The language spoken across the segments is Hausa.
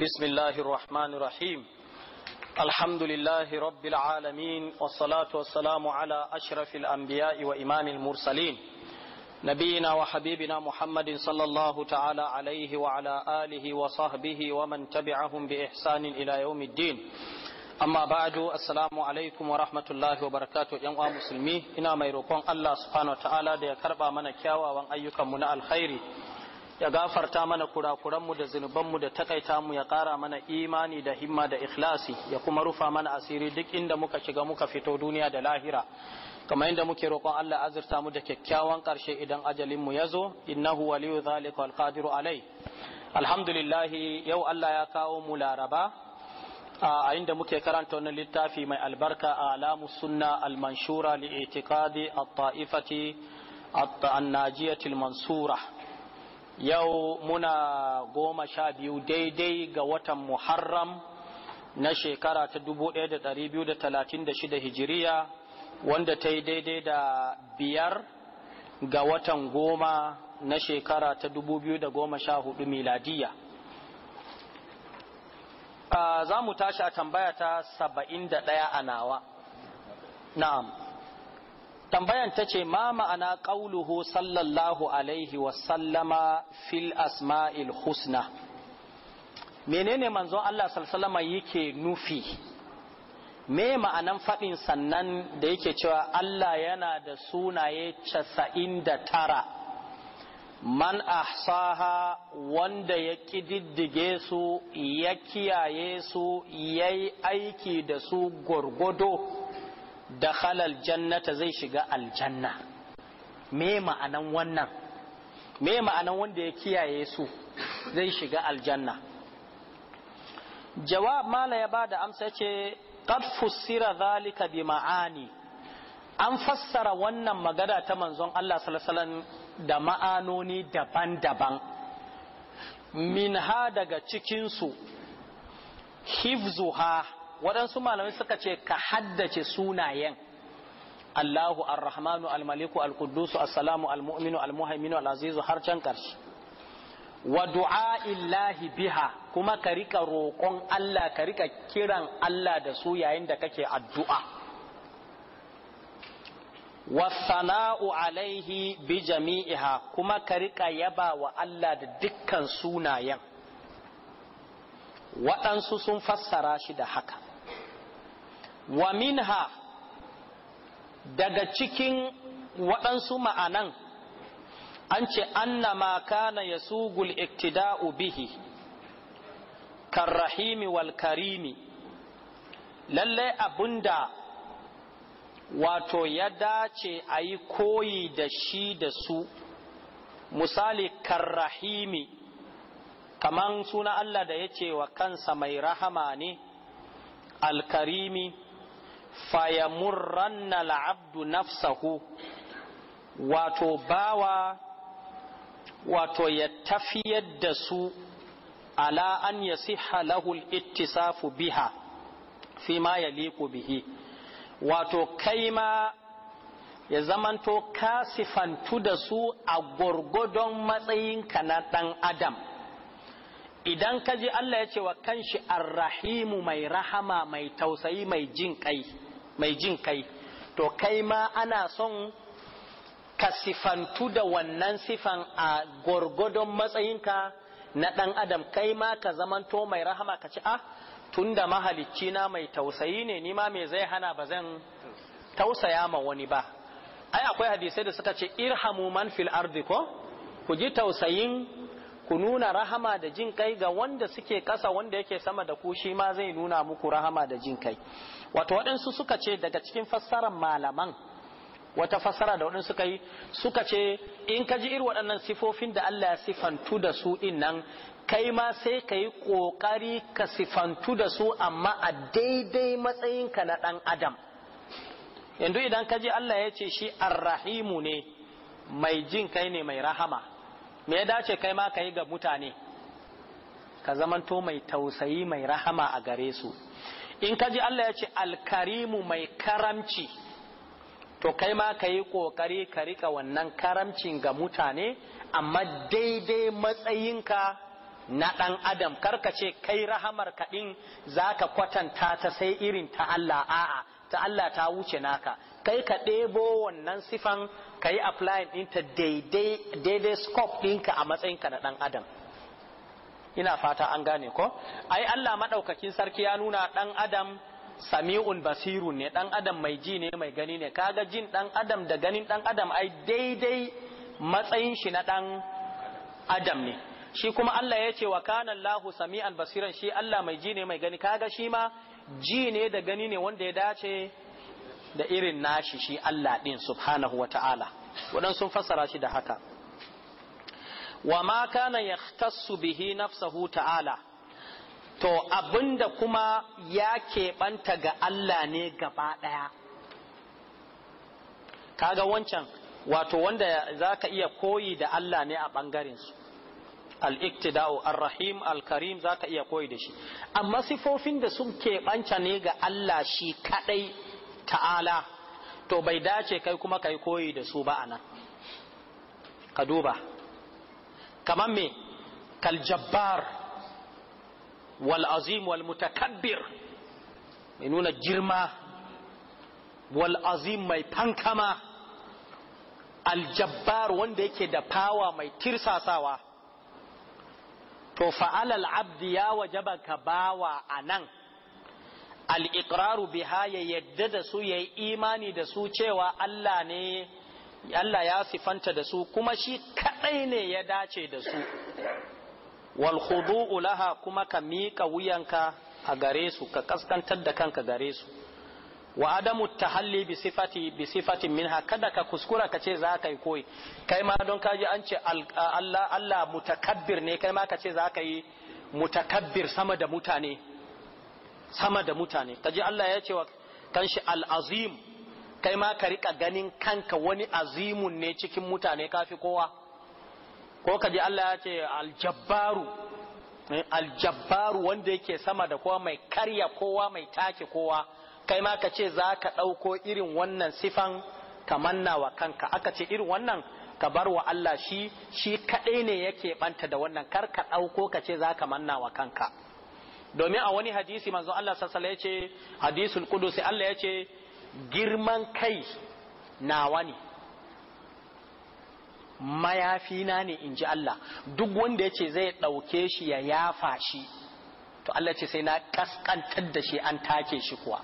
بسم الله الرحمن الرحيم الحمد لله رب العالمين والصلاة والسلام على أشرف الأنبياء وإمام المرسلين نبينا وحبيبنا محمد صلى الله تعالى عليه وعلى آله وصحبه ومن تبعهم بإحسان إلى يوم الدين أما بعد السلام عليكم ورحمة الله وبركاته يا yan إنا ميروكم الله سبحانه وتعالى دي كربا من كيوا وان أيكم من kyawawan ya gafarta mana kurakuranmu da zunubanmu da takaita mu ya ƙara mana imani da himma da ikhlasi ya kuma rufa mana asiri duk inda muka shiga muka fito duniya da lahira kamar yadda muke roƙon Allah azurta mu da kyakkyawan ƙarshe idan ajalin mu yazo innahu waliyu zalika wal qadiru alai alhamdulillah yau Allah ya kawo mu laraba a inda muke karanta wannan littafi mai albarka a alamu sunna al manshura li itiqadi at ta'ifati at-najiyati al mansura yau muna goma sha biyu daidai ga watan muharram na shekara ta 1236 hijiriya wanda ta yi daidai da biyar ga watan goma na shekara ta 2014 miladiya ah, za mu tashi a tambaya ta 71 a nawa na'am tambayan ta ce ma ma'ana ƙauluhu sallallahu alaihi wasallama fil asma'il husna menene manzon Allah sallallama yake nufi me ma'anan faɗin sannan da yake cewa Allah yana da sunaye casa'in da tara man ahsaha wanda ya ƙididdige su ya kiyaye su ya yi aiki da su gwargwado da halal jannata zai shiga aljanna me ma'anan wannan me ma'anan wanda ya kiyaye su zai shiga aljanna jawab mala ya ba da amsa ce qad fussira zalika bi ma'ani an fassara wannan magana ta manzon Allah sallallahu da ma'anoni daban-daban minha daga cikinsu hifzuha waɗansu malamai suka ce ka haddace sunayen Allahu Ar-Rahmanu Al-Maliku Al-Quddusu As-Salamu Al-Mu'minu Al-Muhaiminu Al-Azizu har can karshe wa du'a'illahi biha kuma ka rika roƙon Allah ka rika kiran Allah da su yayin da kake addu'a wa sana'u alaihi bi jami'iha kuma ka rika yaba wa Allah da dukkan sunayen waɗansu sun fassara shi da haka wa minha daga cikin waɗansu ma'anan an ce annama kana ya sugul iktida'u bihi karrahimi wal karimi lallai abunda wato ya dace a yi koyi da shi da su misali karrahimi kaman suna Allah da ya ce wa kansa mai rahama ne alkarimi fayamurranna abdu nafsahu wato bawa wato ya tafiyar da su ala an yasiha lahu ittisafu biha fi ma yaliqu bihi wato kaima ya zamanto ka sifantu da su a gwargwadon matsayinka na ɗan adam idan ka ji Allah ya ce wa kanshi arrahimu mai rahama mai tausayi mai jin ƙai mai jin kai to kai ma ana son ka sifantu da wannan sifan a gorgodon matsayinka na ɗan adam kai ma ka zamanto mai rahama ka ci a ah, tunda mahalicci na mai tausayi ne ni ma me zai hana ba zan tausaya ma wani ba ai akwai hadisai da suka ce irhamu man fil ardi ko ku ji tausayin ku nuna rahama da jin kai ga wanda suke kasa wanda yake sama da ku shi ma zai nuna muku rahama da jin kai wato waɗansu suka ce daga cikin fassarar malaman wata fassara da waɗansu suka yi suka ce in ka ji irin waɗannan sifofin da Allah ya sifantu da su in nan kai ma sai ka yi ƙoƙari ka sifantu da su amma a daidai matsayinka na ɗan adam yanzu idan ka ji Allah ya ce shi arrahimu ne mai jin kai ne mai rahama me ya dace kai ma ka yi ga mutane ka zamanto mai tausayi mai rahama a gare su in ka ji Allah ya ce alkarimu mai karamci to kai ma ka yi ƙoƙari ka rika wannan karamcin ga mutane amma daidai matsayinka na ɗan adam karka ce kai rahamar kaɗin za ka kwatanta ta sai irin ta Allah a'a ta Allah ta wuce naka kai ka ɗebo wannan sifan ka yi applying ɗinta daidai scope ɗinka a matsayinka na ɗan adam ina fata an gane ko ai Allah maɗaukakin sarki ya nuna ɗan adam sami'un basirun ne ɗan adam mai ji ne mai gani ne kaga jin ɗan adam da ganin ɗan adam ai daidai matsayin shi na ɗan adam ne shi kuma Allah ya ce wa kana Allahu sami'an basiran shi Allah mai ji ne mai gani kaga shi ma ji ne da gani ne wanda ya dace da irin nashi shi Allah ɗin subhanahu wa ta'ala waɗansu sun fassara shi da haka wa ma kana ya bihi nafsahu ta'ala to abinda kuma ya keɓanta ga Allah ne gaba ɗaya kaga wancan wato wanda za ka iya koyi da Allah ne a ɓangarensu al-iktida'u ar-rahim al-karim zaka iya koyi da shi amma sifofin da sun keɓanta ne ga Allah shi kadai ta'ala to bai dace kai kuma kai koyi da su ba anan ka duba Kamar me Kaljabbar. Wal'azim wal mutakabbir mai nuna girma Wal'azim mai fankama aljabbar wanda yake da fawa mai tirsasawa to fa'alal abdi ya wajaba ka bawa a nan al'iƙraru biha ya yadda da su ya yi imani da su cewa Allah ne Allah ya sifanta da su kuma shi kaɗai ne ya dace da su wal laha kuma ka miƙa wuyanka a gare su ka kaskantar da kanka gare su wa adamu tahalli bi sifati bi sifati minha kada ka kuskura ka ce za ka yi koyi kai ma don kaji an ce Allah Allah mutakabbir ne kai ma ka ce za ka yi mutakabbir sama da mutane sama da mutane kaji Allah ya ce wa kanshi al-azim kai ma ka rika ganin kanka wani azimun ne cikin mutane kafi kowa ko kaji Allah ya ce al-jabbaru eh, al-jabbaru wanda yake sama da kowa mai karya kowa mai take kowa kai ma ka ce za ka ɗauko irin wannan sifan ka manna wa kanka aka ce irin wannan ka bar wa Allah shi shi kaɗai ne yake ɓanta da wannan kar ka ɗauko ka ce za ka manna wa kanka domin a wani hadisi manzo Allah sassala ya ce hadisul kudusi Allah ya ce girman kai nawa ne mayafina ne in ji Allah duk wanda ya ce zai ɗauke shi ya yafa shi to Allah ce sai na kaskantar da shi an take shi kuwa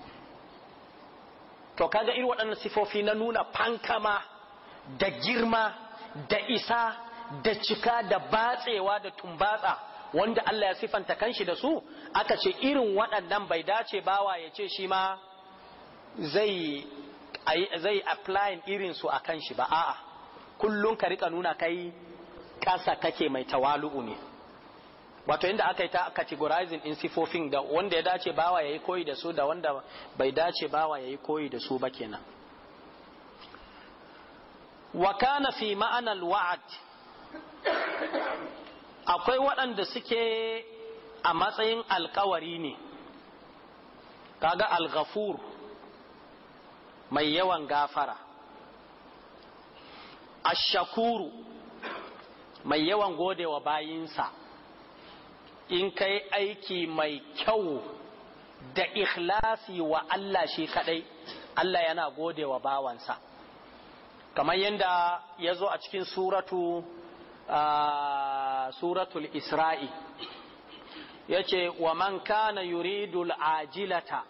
to kaga irin waɗannan sifofi na nuna fankama da girma da isa da cika da batsewa da tumbatsa wanda Allah ya sifanta kanshi da su aka ce irin waɗannan bai dace bawa ya ce shi ma zai zai irin su a kanshi ba a'a kullum ka rika nuna kai kasa kake mai tawalu'u ne wato inda aka yi ta categorizing in sifofin da wanda ya dace bawa yayi koyi da su da wanda bai dace bawa yayi koyi da su ba kenan wa kana fi ma'anar wa'ad akwai waɗanda suke a matsayin alkawari ne kaga alghafur mai yawan gafara ashakuru mai yawan godewa bayinsa in kai aiki mai kyau da ikhlasi wa Allah shi kadai Allah yana gode wa bawansa kamar yadda ya zo a cikin suratu suratul isra'i ya ce wa man kana yuridul ajilata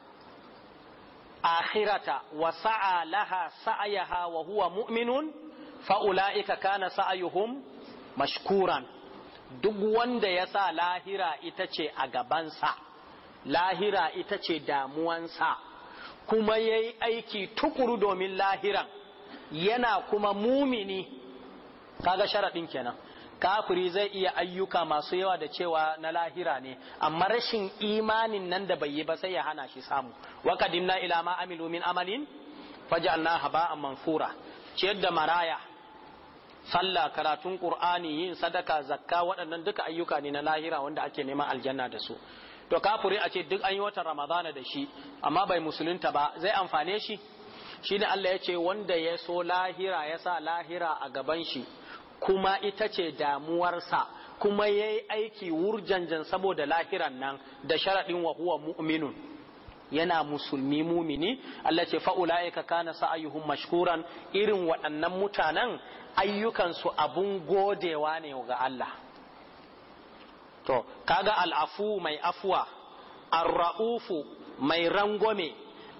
akhirata wa sa'a laha sa'ayaha wa huwa mu'minun fa'ula'ika kana sa'ayuhum mashkuran duk wanda ya sa lahira ita ce a gabansa lahira ita ce damuwansa kuma ya yi aiki tukuru domin lahiran yana kuma mumini kaga sharaɗin kenan kafiri zai iya ayyuka masu yawa da cewa na lahira ne amma rashin imanin nan da bai yi ba sai ya hana shi samu wa na ila ma amilu min amalin faj'alna haba'an manfura ciyar da maraya sallah karatun qur'ani yin sadaka zakka waɗannan duka ayyuka ne na lahira wanda ake neman aljanna da su to kafuri a ce duk an yi wata ramadana da shi amma bai musulunta ba zai amfane shi shi ne Allah ya ce wanda ya so lahira ya sa lahira a gaban shi kuma ita ce damuwarsa kuma ya yi aiki wurjanjan saboda lahiran nan da sharaɗin wa huwa mu'minun yana musulmi mumini Allah ce fa'ula'ika kana sa'ayuhum mashkuran irin waɗannan mutanen ayyukansu abun godewa ne ga Allah to kaga Al-afu mai afuwa arra'ufu mai rangwame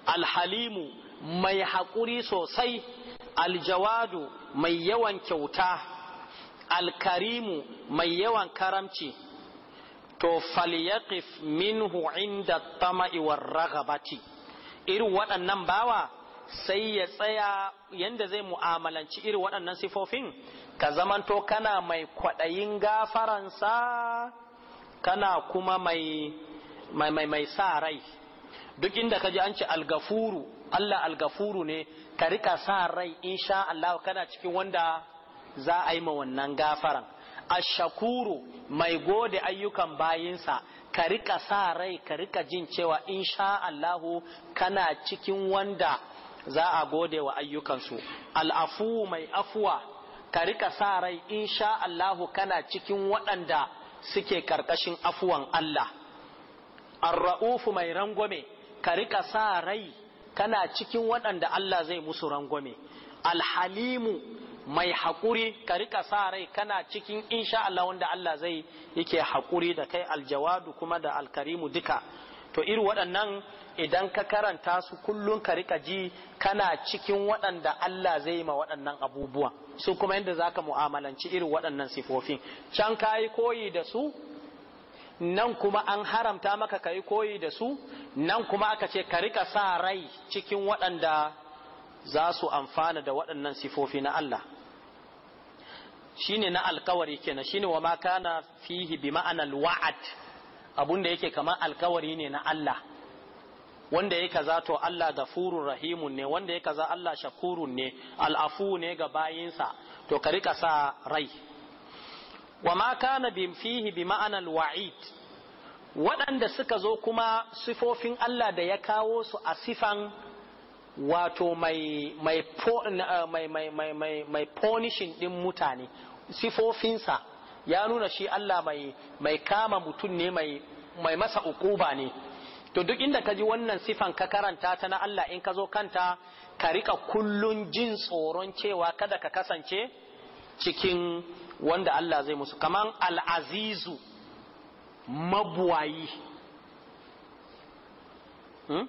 Al-halimu mai haƙuri sosai aljawadu mai yawan kyauta alkarimu mai yawan karamci to falyaqif minhu inda tama'i war ragabati irin waɗannan bawa sai ya tsaya yanda zai mu'amalanci irin waɗannan sifofin ka zamanto kana mai kwaɗayin gafaransa kana kuma mai mai mai, sa rai duk inda ka ji an ce algafuru Allah algafuru ne ka rika sa rai insha Allah kana cikin wanda za a yi ma wannan gafaran ashakuru mai gode ayyukan bayinsa ka rika sa rai ka rika jin cewa insha Allahu kana cikin wanda za a gode wa ayyukansu al'afu mai afuwa ka rika sa rai sha Allahu kana cikin waɗanda suke karkashin afuwan Allah arra'ufu mai rangwame ka rika sa rai kana cikin waɗanda Allah zai musu rangwame alhalimu mai haƙuri ka rika sa rai kana cikin insha Allah wanda Allah zai yake haƙuri da kai aljawadu kuma da alkarimu duka to iri waɗannan idan ka karanta su kullum ka rika ji kana cikin waɗanda Allah zai ma waɗannan abubuwa su kuma yadda za ka mu'amalanci irin waɗannan sifofin can ka yi koyi da su nan kuma an haramta maka ka yi koyi da su nan kuma aka ce ka rika sa rai cikin waɗanda za su amfana da waɗannan sifofi na Allah shine na alkawari kenan shine wa ma kana fihi bi ma'anal wa'ad abun da yake kamar alkawari ne na Allah wanda ya kaza to Allah gafurun rahimun ne wanda ya kaza Allah shakurun ne al'afu ne ga bayinsa to ka rika sa rai wa ma kana bim fihi bi ma'anar wa'id waɗanda suka zo kuma sifofin Allah da ya kawo su a sifan wato mai mai mai mai mai mai, punishing din mutane sifofinsa ya nuna shi Allah mai kama mutum ne mai masa ukuba ne to duk inda ka ji wannan sifan ka karanta ta na Allah in ka zo kanta ka rika kullun jin tsoron cewa kada ka kasance cikin wanda Allah zai musu kaman al'azizu mabuwayi hmm?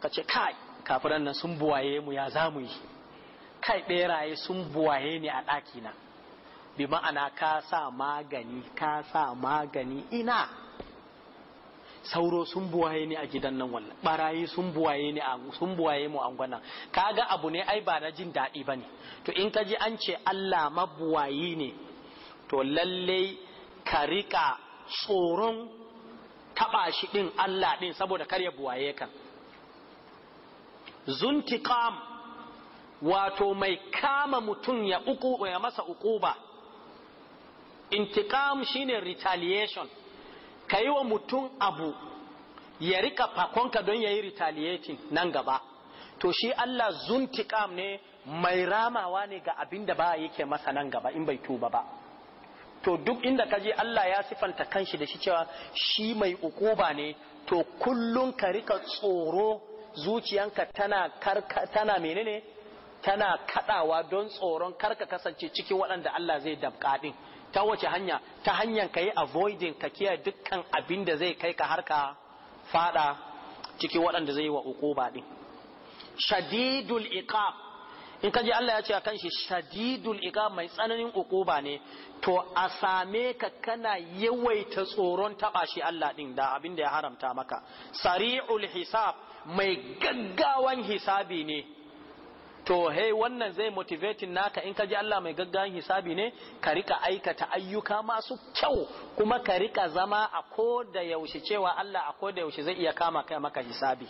ka ce kai kafiran nan sun buwaye mu ya zamu yi kai beraye sun buwaye ne a ɗakina bi ma'ana ka sa magani ka sa magani ina sauro sun buwaye ni a gidan nan wallan barayi sun buwaye ni sun buwaye mu angwana kaga abu ne ai ba na jin daɗi ba ne to in ka ji an ce Allah mabuwayi ne to lalle ka rika tsoron taɓa shi ɗin Allah ɗin saboda kar ya buwaye kan zuntiqam wato mai kama mutum ya uku ya masa ukuba intiqam shine retaliation ka yi wa mutum abu ya rika fakonka don ya yi retaliating nan gaba to shi Allah zuntiqam ne mai ramawa ne ga abin da ba yake masa nan gaba in bai tuba ba to duk inda ka je Allah ya sifanta kanshi da shi cewa shi mai ukuba ne to kullum ka rika tsoro zuciyanka tana karka tana menene tana kadawa don tsoron karka kasance cikin waɗanda Allah zai dabka din ta wace hanya ta hanyar ka yi avoiding ka kiya dukkan abin da zai kai ka har ka fada ciki waɗanda zai yi wa ukuba ɗin shadidul iqab in ka kaji Allah ya ce a shi shadidul iqab mai tsananin ukuba ne to a same ka kana yawaita tsoron taɓa shi Allah ɗin da abin da ya haramta maka sari'ul hisab mai gaggawan hisabi ne to hey wannan zai motivating naka in ka ji Allah mai gaggawan hisabi ne ka rika aikata ayyuka masu kyau kuma ka rika zama a ko da yaushe cewa Allah a ko da yaushe zai iya kama kai maka hisabi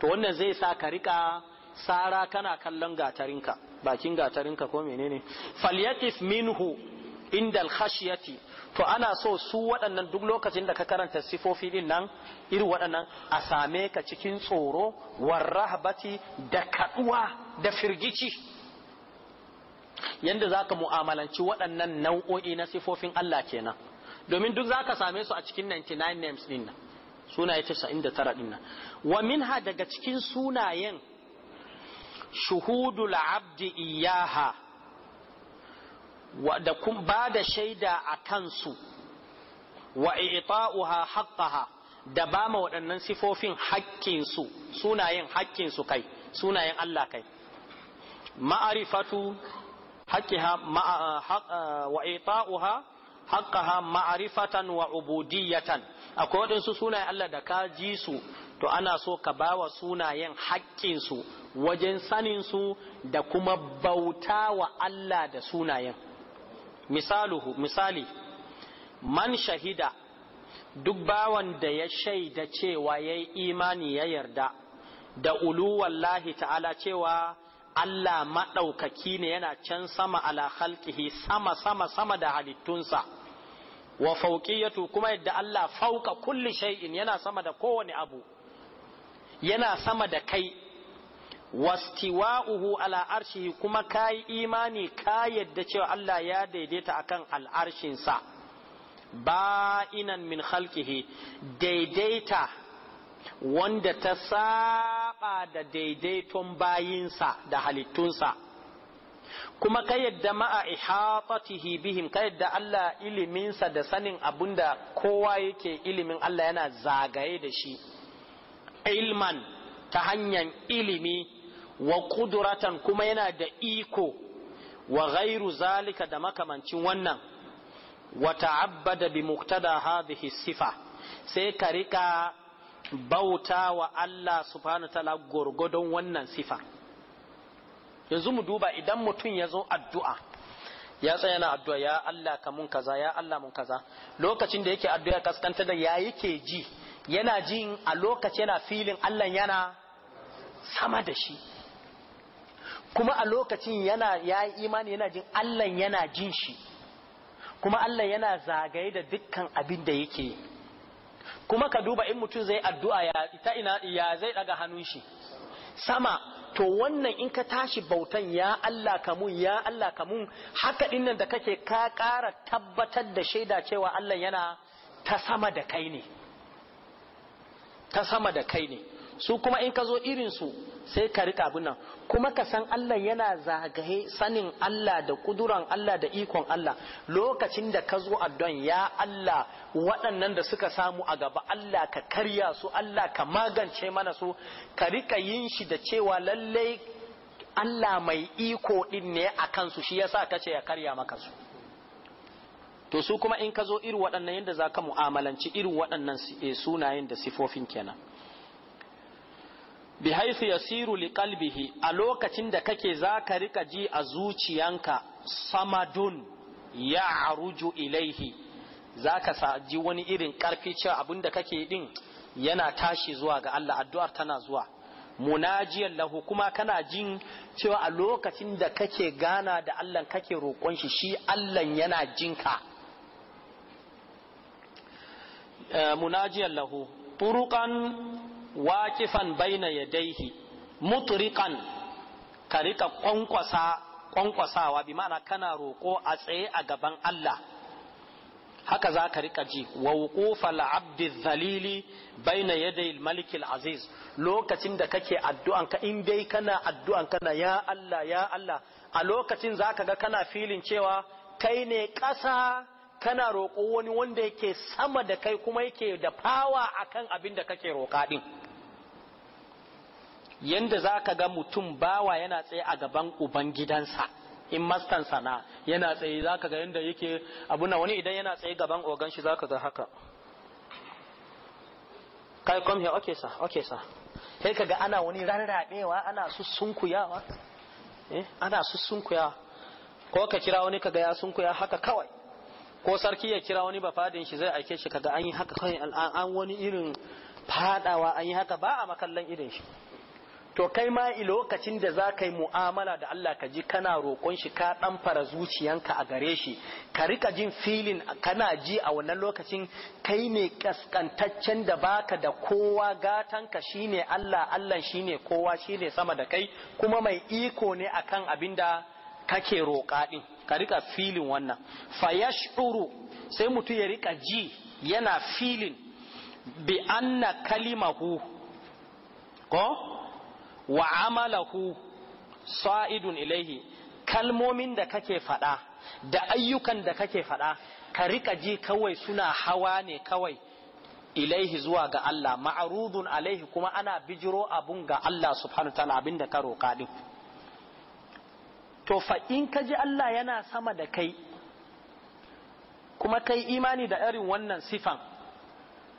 to wannan zai sa ka rika sara kana kallon gatarinka bakin gatarinka ko menene falyatif minhu indal khashiyati to ana so su waɗannan duk lokacin da ka karanta sifofi din nan irin waɗannan a same ka cikin tsoro warrahbati da kaɗuwa da firgici yanda ka mu'amalanci waɗannan nau'o'i na sifofin Allah kenan domin duk za ka same su a cikin 99 names din nan sunaye 99 din nan wa minha daga cikin sunayen shuhudul abdi iyaha da kun ba da shaida a kansu wa ita'uha haqqaha da ba ma waɗannan sifofin haƙƙinsu sunayen haƙƙinsu kai sunayen Allah kai ma'arifatu haqqiha wa ita'uha haqqaha ma'arifatan wa ubudiyatan akwai waɗansu sunayen Allah da ka ji su to ana so ka ba wa sunayen haƙƙinsu wajen saninsu da kuma bauta wa Allah da sunayen misaluhu misali man shahida duk bawan da ya shaida cewa ya yi imani ya yarda da ulu wallahi ta'ala cewa Allah maɗaukaki ne yana can sama ala halkihi sama sama sama da halittunsa wa fauqiyatu kuma yadda Allah fauka kulli shay'in yana sama da kowane abu yana sama da kai wastiwa'uhu ala arshihi kuma kayi imani ka yadda cewa Allah ya daidaita akan al'arshinsa ba'inan min khalqihi daidaita wanda ta saba da daidaiton bayinsa da halittunsa kuma ka yadda ma'a ihatatihi bihim ka yadda Allah iliminsa da sanin abunda kowa yake ilimin Allah yana zagaye da shi ilman ta hanyar ilimi wa kuduratan kuma yana da iko wa ghairu zalika da makamancin wannan wa ta'abbada bi muqtada hadhihi sifa sai ka rika bauta wa Allah subhanahu ta'ala gurgudun wannan sifa yanzu mu duba idan mutum ya zo addu'a ya tsaya na addu'a ya Allah ka mun kaza ya Allah mun kaza lokacin da yake addu'a kaskanta da ya ke ji yana jin a lokaci yana filin Allah yana sama da shi kuma a lokacin yana ya yi imani yana jin Allah yana jin shi kuma Allah yana zagaye da dukkan abin da yake kuma ka duba in mutum zai addu'a ya ta ina ya zai daga hannun shi sama to wannan in ka tashi bautan ya Allah mun ya Allah mun haka dinnan da kake ka ƙara tabbatar da shaida cewa Allah yana ta sama da kai ne ta sama da kai ne su kuma in ka zo irinsu sai ka rika abin nan kuma ka san Allah yana zagaye sanin Allah da kuduran Allah da ikon Allah lokacin da ka zo addu'an ya Allah waɗannan da suka samu a gaba Allah ka karya su Allah ka magance mana su ka rika yin shi da cewa lallai Allah mai iko din ne a kansu shi yasa ka ce ya karya maka su to su kuma in ka zo irin waɗannan yadda za ka mu'amalanci irin waɗannan eh, sunayen da sifofin kenan bihaisu yasiru li kalbihi a lokacin da kake zaka rika ji a zuciyanka samadun ya aruju ilaihi zaka saji wani irin karfi cewa abinda kake din yana tashi zuwa ga Allah addu'ar tana zuwa munajiyan lahu kuma kana jin cewa a lokacin da kake gana da Allah kake roƙon shi shi Allah yana jinka eh, munajiyan lahu turuqan waƙifan baina yadaihi mutriqan ka rika kwankwasa kwankwasawa bi ma'ana kana roƙo a tsaye a gaban Allah haka za ka rika ji wa wuqufa al-abdi baina ya al aziz lokacin da kake addu'an ka in dai kana addu'an kana ya Allah ya Allah a lokacin zaka ga kana filin cewa kai ne ƙasa kana roƙo wani wanda yake sama da kai kuma yake da fawa akan abin da kake roƙa din yanda za ka ga mutum bawa yana tsaye a gaban ubangidansa in mastan sana yana tsaye za ka ga yanda yake abuna wani idan yana tsaye gaban ogan shi za ka ga haka kai kom here okay sa okay sa sai ka ga ana wani rarrabewa ana sussunkuyawa eh ana sussunkuyawa ko ka kira wani ka ga ya sunkuya haka kawai ko sarki ya kira wani ba bafadin shi zai aike shi kaga an yi haka kai an wani irin fadawa an yi haka ba a makallan irin shi to kai ma i lokacin da za ka yi mu'amala da Allah ka ji kana roƙon shi ka ɗan fara zuciyanka a gare shi ka rika jin filin kana ji a wannan lokacin kai ne kaskantaccen da baka da kowa gatan ka shine Allah Allah shine kowa shine sama da kai kuma mai iko ne akan abinda kake roƙa ɗin ka rika filin wannan fayashuru sai mutum ya rika ji yana filin bi anna kalimahu ko wa amalahu sa'idun ilaihi kalmomin da kake faɗa da ayyukan da kake faɗa ka rika ji kawai suna hawa ne kawai ilaihi zuwa ga Allah ma'arudun alaihi kuma ana bijiro abun ga Allah subhanahu ta'ala abinda ka roƙa din to fa in ka ji Allah yana sama da kai kuma kai imani da irin wannan sifan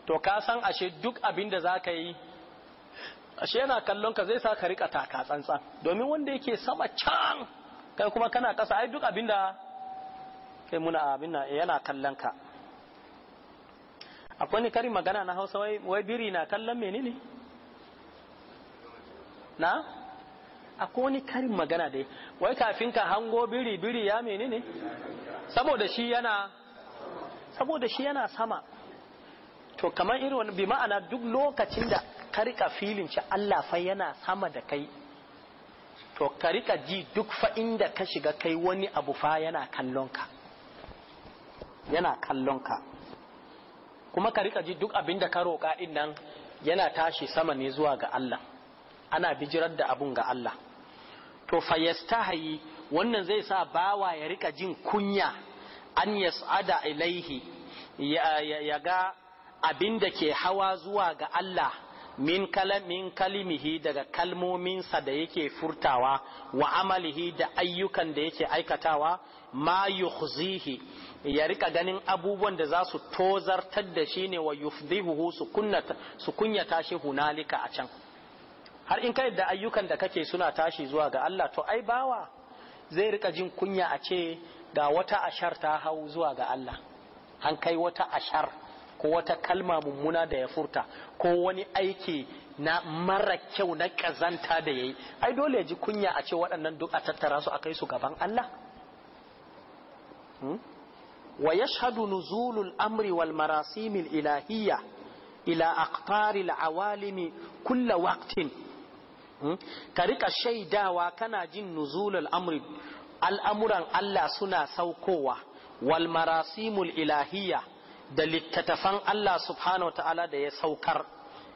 to ka san ashe duk abin da za ka yi ashe yana kallon ka zai sa ka rika taka tsantsan domin wanda yake sama can kai kuma kana kasa ai duk abin da kai muna abin eh, yana kallon ka akwai ni karin magana na hausa wai biri na kallon menene na akwai wani karin magana dai wai kafin ka hango biri biri ya menene saboda shi yana saboda shi yana sama to kamar irin wani bi ma'ana duk lokacin da ka rika filin shi Allah fa yana sama da kai to ka ji duk fa inda ka shiga kai wani abu fa yana kallon ka yana kallon kuma ka ji duk abin da ka roƙa din yana tashi sama ne zuwa ga Allah ana bijirar da abun ga Allah to fayastahayi wannan zai sa bawa ya rika jin kunya an yas'ada ilaihi ya ga abin da ke hawa zuwa ga Allah min kalamin kalimihi daga kalmominsa da yake furtawa wa amalihi da ayyukan da yake aikatawa ma yukhzihi ya rika ganin abubuwan da za su tozartar da shi ne wa yufdihuhu su kunyata shi hunalika a can har in ka yadda ayyukan da kake suna tashi zuwa ga Allah to ai bawa zai rika jin kunya a ce ga wata ashar ta hau zuwa ga Allah an kai wata ashar ko wata kalma mummuna da ya furta ko wani aiki na mara kyau na kazanta da yayi ai dole ya ji kunya a ce waɗannan duk a tattara su a kai su gaban Allah hmm? wa yashhadu nuzulul amri wal marasimil ilahiyya ila aqtaril awalimi kulla waqtin Hmm? ka rika shaidawa kana jin nuzulul amri al'amuran Allah suna saukowa wal marasimul ilahiyya da littattafan Allah subhanahu wa ta'ala da ya saukar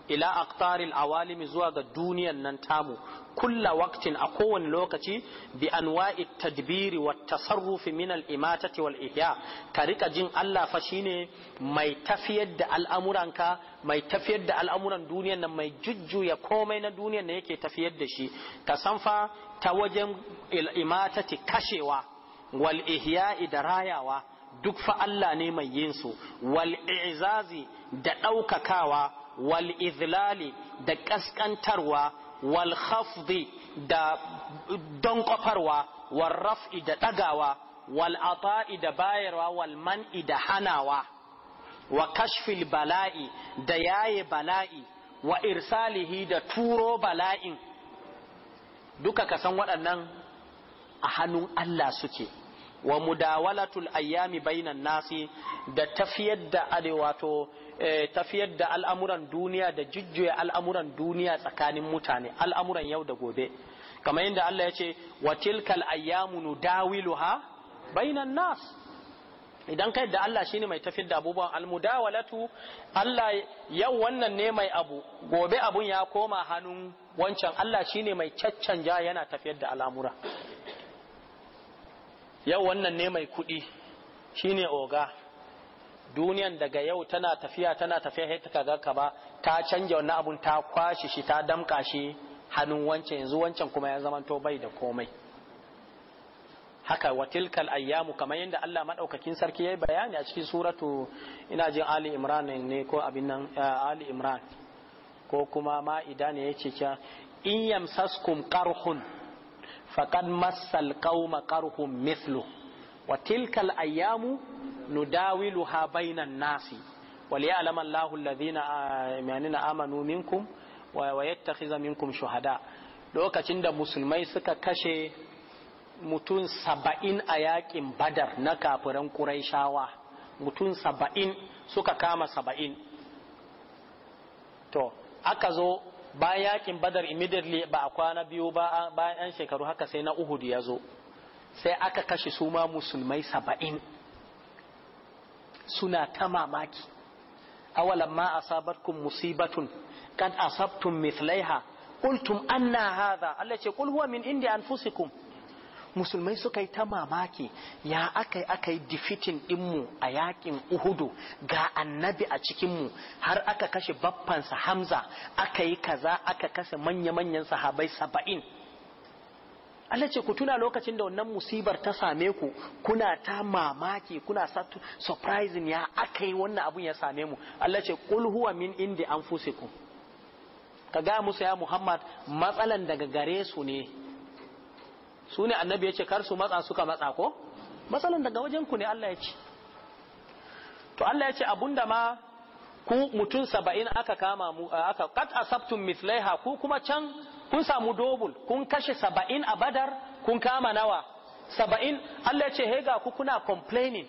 ila aqtaril awalimi zuwa ga duniyan nan tamu kulla waqtin a kowane lokaci bi anwa'i tadbiri wa tasarrufi min al imatati wal ihya ka rika jin Allah fa shine mai tafiyar da al'amuranka mai tafiyar da al'amuran duniyan nan mai jujjuya komai na duniyan nan yake tafiyar da shi ka san fa ta wajen imatati kashewa wal ihya'i da rayawa duk fa Allah ne mai yin su wal i'zazi da ɗaukakawa wal izlali da kaskantarwa wal da donkofarwa wal raf'i da ɗagawa wal ata'i da bayarwa wal man'i da hanawa wa kashfil bala'i da yaye bala'i wa irsalihi da turo bala'in duka kasan waɗannan a hannun Allah suke wa mudawalatul ayyami bainan nasi da tafiyar da wato eh, tafiyar da al'amuran duniya da jujjuya al'amuran duniya tsakanin mutane al'amuran yau da gobe kamar yadda Allah ya ce wa tilkal ayyamu nudawiluha bainan nas idan kai da Allah shine mai tafiyar da abubuwan almudawalatu Allah yau wannan ne mai abu gobe abun ya koma hannun wancan Allah shine mai caccanja yana tafiyar da al'amura yau wannan ne mai kuɗi shine oga duniyan daga yau tana tafiya tana tafiya sai ta kaga ka ba ta canja wannan abun ta kwashe shi ta damka shi hannun wancan yanzu wancan kuma ya zamanto bai da komai haka wa tilkal ayyamu kamar yadda Allah madaukakin sarki yayi bayani a cikin suratu ina jin Ali Imran ne ko abin nan eh, Ali Imran ko kuma ma'ida ne yace cewa in yamsaskum qarhun faqad massal qauma qarhum mithlu wa tilkal ayyamu nudawiluha bainan nasi وليعلم الله الذين آمنين آمنوا منكم ويتخذ منكم شهداء lokacin da musulmai suka kashe mutum saba'in a yakin badar na kafiran ƙuraishawa mutum saba'in suka kama saba'in to aka zo bayan yakin badar immediately ba a kwana biyu ba bayan yan shekaru haka sai na uhud ya zo sai aka kashe su ma musulmai saba'in suna ta mamaki awalan ma asabatkum musibatun kad asabtum mithlaiha qultum anna hadha Allah ce qul huwa min indi anfusikum musulmai suka yi ta mamaki ya aka yi aka yi difitin dinmu a yakin uhudu ga annabi a cikinmu har aka kashe baffansa hamza aka yi kaza aka kashe manya-manyan sahabai saba'in Allah ce ku tuna lokacin da wannan musibar ta same ku kuna ta mamaki kuna satu surprising ya aka yi wannan abun ya same mu Allah ce qul huwa min indi anfusikum ka ga musu ya Muhammad matsalan daga gare su ne su ne annabi ya ce kar su matsa suka matsa ko matsalan daga wajen ku ne Allah ya ce to Allah ya ce abunda ma ku mutum saba'in aka kama mu aka kat asabtum mithlaiha ku kuma can kun samu dobul kun kashe saba'in a badar kun kama nawa saba'in Allah ya ce hega ku kuna complaining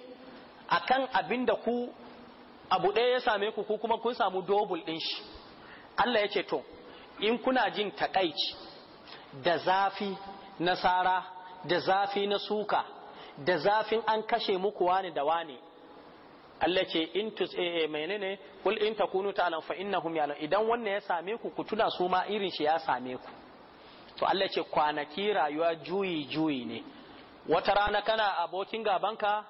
akan abinda ku abu ɗaya ya same ku ku kuma kun samu dobul ɗin shi Allah ya ce to in kuna jin takaici da zafi Nasara da zafi na suka da zafin an kashe muku wani da wani. Allah ce in tus eh, eh menene kul in takunu ta'lam fa innahum ya'lam idan wannan ya same ku ku tuna su ma irin shi ya same ku to Allah ce kwanaki rayuwa juyi juyi ne wata rana kana abokin gabanka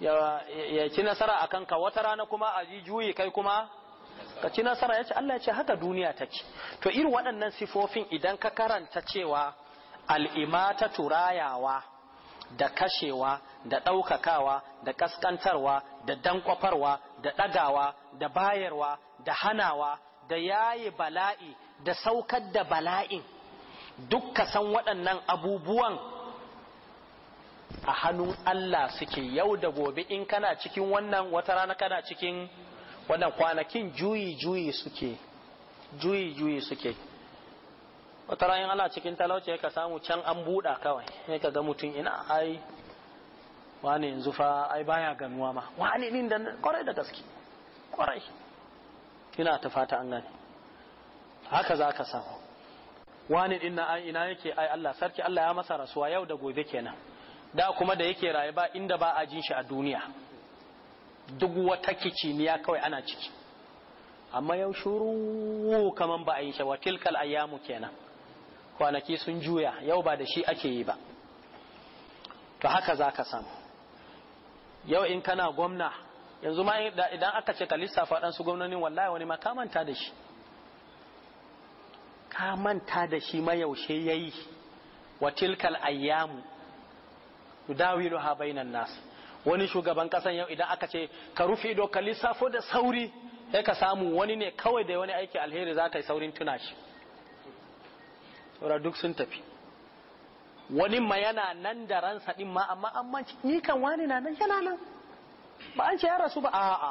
ya, ya ci nasara a kanka wata rana kuma a ji juyi kai kuma ka ci nasara ya ce Allah ya ce haka duniya ta ci to irin waɗannan sifofin idan ka karanta cewa al'imata turayawa da kashewa da ɗaukakawa da ƙasƙantarwa da danƙwafarwa da ɗagawa da bayarwa da hanawa da yaye bala'i da saukar da bala'in dukka san waɗannan abubuwan a hannun Allah suke yau da gobe in kana cikin wannan wata rana kana cikin wannan kwanakin juyi juyi suke juyi juyi suke wata rayin ana cikin talauci ka samu can an buɗa kawai ya ka ga mutum ina ai wani yanzu fa ai baya ganuwa ma wani din da kwarai da gaske kwarai ina ta fata an gane haka za ka samu wani din na ina yake ai Allah sarki Allah ya masa rasuwa yau da gobe kenan da kuma da yake raye ba inda ba a jin shi a duniya duk wata kiciniya kawai ana ciki amma yau shuru kaman ba a yi shi wa tilkal ayyamu kenan kwanaki sun juya yau ba da shi ake yi ba to haka za ka samu yau in kana gwamna yanzu ma idan aka ce ka lissafa ɗansu gwamnonin wallahi wani ma ka manta da shi da shi mayaushe ya yi wa ayyamu yudawilu ha bainan nas wani shugaban kasan yau idan aka ce ka rufe ido ka lissafo da sauri sai ka samu wani ne kawai da wani aiki alheri za ka yi saurin tuna shi saura duk sun tafi wani ma yana nan da ransa din ma amma an manci ni kan wani na nan yana nan ba an ce ya rasu ba a'a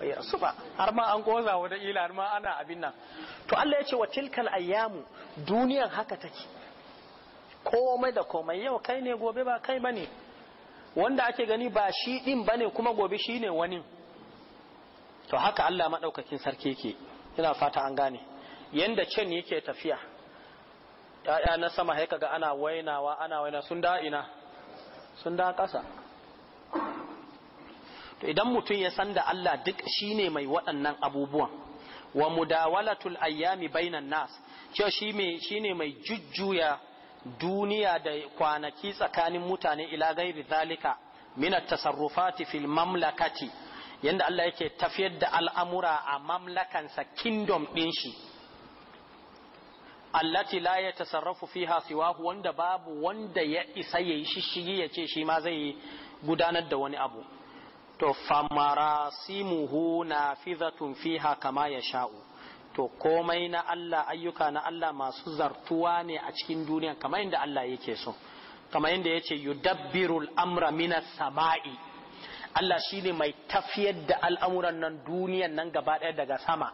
bai rasu ba har ma an koza wa da ila har ma ana abin nan to Allah ya ce wa tilkal ayyamu duniyan haka take komai da komai yau kai ne gobe ba kai bane wanda ake gani ba shi din bane kuma gobe shi ne wani to haka Allah madaukakin sarki yake ina fata an gane yanda can yake tafiya ya'ya na sama haika ga ana wainawa ana waina sun da ina sun da ƙasa to idan mutum ya san da Allah duk shine mai waɗannan abubuwan wa mudawalatul ayyami bainan nas cewa shi mai shine mai jujjuya duniya da kwanaki tsakanin mutane ila gairi zalika min at-tasarrufati fil mamlakati yanda Allah yake tafiyar da al'amura a mamlakansa kingdom din shi allati la ya tasarrafu fiha siwahu wanda babu wanda ya isa yayi shishigi ya ce shi ma zai gudanar da wani abu to famarasimuhu nafizatun fiha kama ya sha'u to komai na Allah ayyuka na Allah masu zartuwa ne a cikin duniya kamar yadda Allah yake so kamar yadda yace yudabbirul amra minas sama'i Allah shine mai tafiyar da al'amuran nan duniyan nan gaba ɗaya daga sama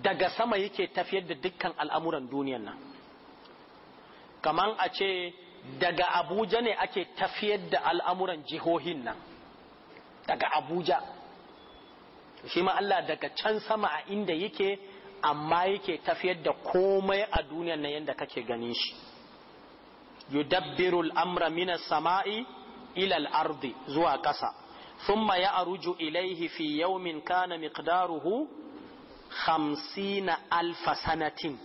daga sama yake tafiyar da dukkan al'amuran duniyan nan kaman a ce daga abuja ne ake tafiyar da al'amuran jihohin nan daga abuja shi ma Allah daga can sama a inda yake amma yake tafiyar da komai a duniyan nan yadda kake ganin shi yudabbirul amra minas sama'i ilal ardi zuwa ƙasa ya aruju ilaihi fi yawmin kana miqdaruhu hamsina alfa sanatin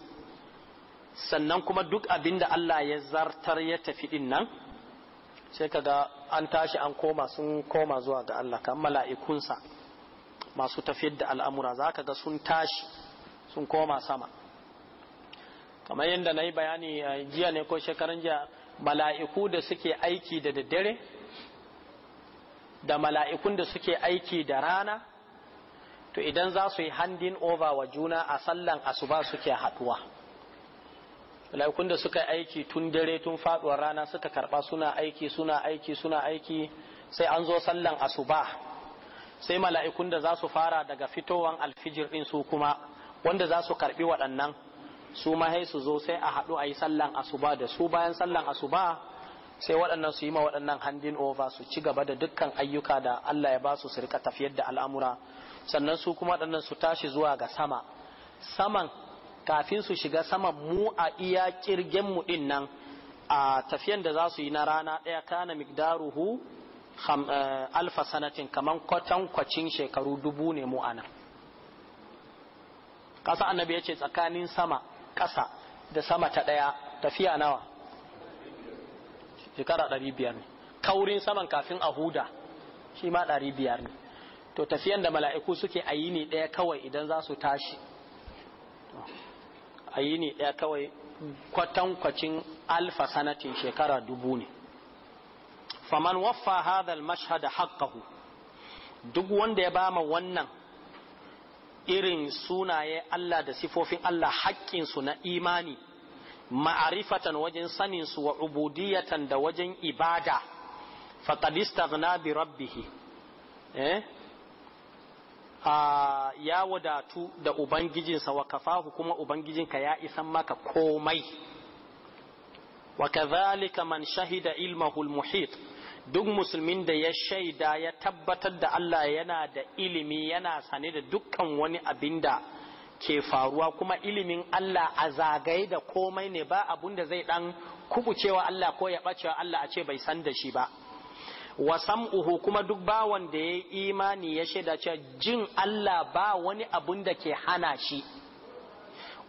sannan kuma duk abinda Allah ya zartar ya tafi din nan sai kaga an tashi an koma sun koma zuwa ga Allah kan mala'ikunsa masu tafiyar da al'amura za ka ga sun tashi sun koma sama kamar yadda na yi bayani a jiya ne ko shekaran jiya mala'iku da suke aiki da daddare da mala'ikun da suke aiki da rana to idan za su yi handin over wa juna a sallan asuba suke haduwa laikun da suka aiki tun dare tun faduwar rana suka karba suna aiki suna aiki suna aiki sai an zo sallan asuba sai mala'ikun da za su fara daga fitowan alfijir din su kuma wanda za su karbi waɗannan su mahai su zo sai a haɗu a yi sallan asuba da su bayan sallan asuba sai waɗannan su yi ma waɗannan handin over su ci gaba da dukkan ayyuka da Allah ya ba su su rika tafiyar da al'amura sannan su kuma ɗannan su tashi zuwa ga sama saman kafin su shiga sama mu a iya kirgen mu din nan a tafiyan da za su yi na rana ɗaya kana migdaruhu eh, alfa sanatin kaman kwatankwacin shekaru dubu ne mu ana ƙasa annabi ya ce tsakanin sama ƙasa da sama ta ɗaya tafiya nawa shekara ɗari biyar ne kaurin saman kafin a huda shi ma ɗari biyar ne to tafiyan da mala'iku suke a yini ɗaya kawai idan za su tashi a yini ɗaya kawai kwatankwacin alfa sanatin shekara dubu ne faman waffa hadal mashhada haqqahu duk wanda ya bama wannan irin sunaye Allah da sifofin Allah haƙƙinsu na imani ma'arifatan wajen saninsu wa ubudiyatan da wajen ibada faqad istaghna bi rabbih eh ya wadatu da ubangijinsa wa kafahu kuma ubangijinka ya isan maka komai wa kazalika man shahida ilmahu almuhit duk musulmin da ya shaida ya tabbatar da Allah yana da ilimi yana sane da dukkan wani abin da ke faruwa kuma ilimin Allah a zagaye da komai ne ba abun da zai dan kubucewa Allah ko ya bacewa Allah a ce bai san da shi ba wa sam'uhu kuma duk bawan da ya imani ya shaida cewa jin Allah ba wani abun da ke hana shi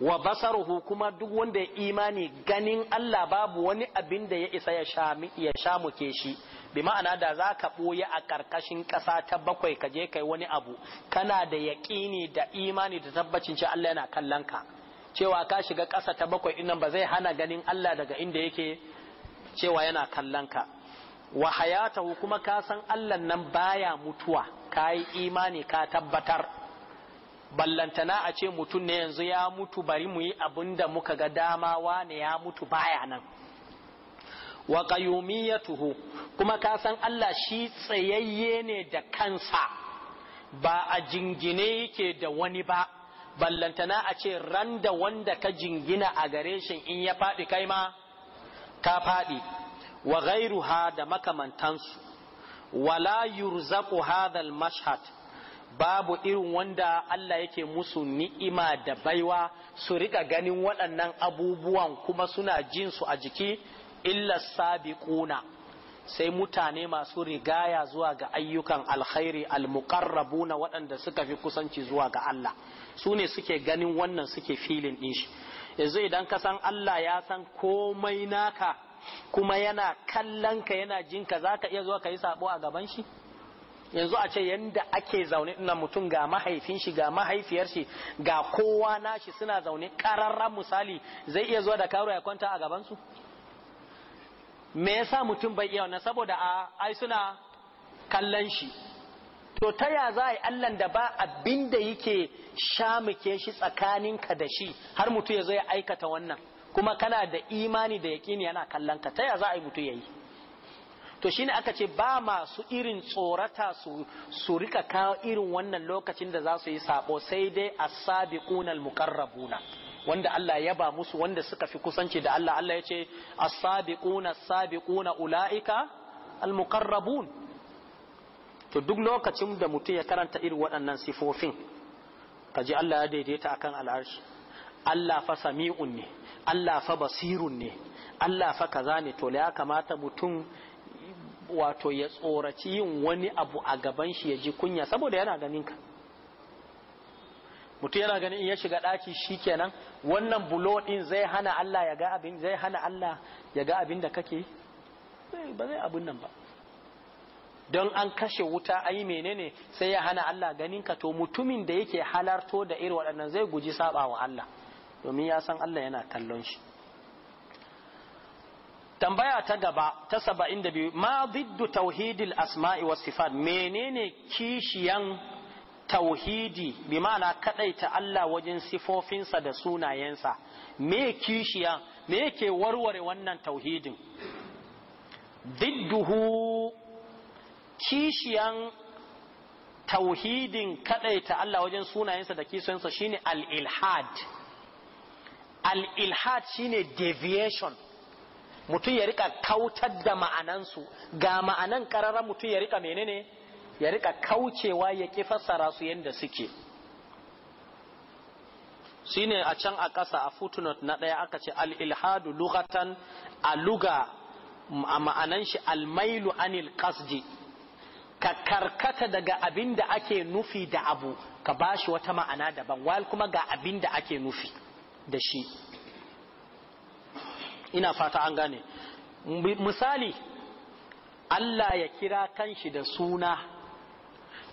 wa basaruhu kuma duk wanda ya imani ganin Allah babu wani abin da ya isa ya shami ya shamuke shi bi ma'ana da za ka ɓoye a ƙarƙashin ƙasa ta bakwai ka je kai wani abu kana da yaƙini da imani da tabbacin cewa Allah yana kallon ka cewa ka shiga ƙasa ta bakwai ɗin ba zai hana ganin Allah daga inda yake cewa yana kallon ka wa hayatahu kuma ka san Allah nan baya mutuwa ka yi imani ka tabbatar ballantana a ce mutum ne yanzu ya mutu bari mu yi abin da muka ga dama wane ya mutu baya nan wa qayyumiyatuhu kuma ka san Allah shi tsayayye ne da kansa ba a jingine yake da wani ba ballantana a ce ran da wanda ka jingina a gare shi in ya faɗi kai ma ka faɗi wa ghairuha da makamantansu wala yurzaqu hadal mashhad babu irin wanda Allah yake musu ni'ima da baiwa su rika ganin waɗannan abubuwan kuma suna jin su a jiki illa sabiquna sai mutane masu rigaya zuwa ga ayyukan alkhairi almuqarrabuna waɗanda suka fi kusanci zuwa ga Allah su ne suke ganin wannan suke filin ɗin shi yanzu idan ka san Allah ya san komai naka kuma yana kallon ka yana jin ka zaka iya zuwa ka yi sabo a gaban shi yanzu a ce yanda ake zaune ina mutum ga mahaifin shi ga mahaifiyar shi ga kowa nashi suna zaune kararran misali zai iya zuwa da karo ya kwanta a gaban su me yasa mutum bai iya wannan saboda a ai suna kallon shi to ta ya za a yi allan da ba abin da yake shamuke shi tsakaninka da shi har mutum ya zo ya aikata wannan kuma kana da imani da yaƙini yana kallon ka ta ya za a yi mutu yayi to shine aka ce ba masu irin tsorata su su rika kawo irin wannan lokacin da za su yi sabo sai dai as-sabiquna al-muqarrabuna wanda Allah ya ba musu wanda suka fi kusanci da Allah Allah ya ce as-sabiquna as-sabiquna ulaika al-muqarrabun to duk lokacin da mutum ya karanta irin waɗannan sifofin kaji Allah ya daidaita akan al'arshi Allah fa sami'un ne Allah fa basirun ne Allah fa kaza ne to ya kamata mutum wato ya tsoraci yin wani abu a gaban shi ya ji kunya saboda yana ganin ka mutum yana ganin in ya shiga ɗaki shikenan wannan bulo din zai hana Allah ya ga abin zai hana Allah ya ga abin da kake ba zai abin nan ba don an kashe wuta ayi menene sai ya hana Allah ganin ka to mutumin da yake halarto da irin waɗannan zai guji saɓa wa Allah domin ya san Allah yana kallon shi tambaya ta gaba ta saba'in da biyu ma ziddu tauhidil asma'i wa sifat menene kishiyan tauhidi bi ma'ana ta Allah wajen sifofinsa da sunayensa me kishiya me yake warware wannan tauhidin didduhu kishiyan tauhidin ta Allah wajen sunayensa da kisoyensa shine al-ilhad al-ilhad shine deviation mutum ya rika kautar da ma'anansu ga ma'anan kararra mutum ya rika menene ya rika kaucewa ya ki fassara su yadda suke shine a can a ƙasa a footnote na ɗaya aka ce al-ilhadu lughatan a luga a ma'anan shi al anil qasdi ka karkata daga abin da ake nufi da abu ka bashi wata ma'ana daban wal kuma ga abin da ake nufi da shi ina fata an gane misali Allah ya kira kanshi da suna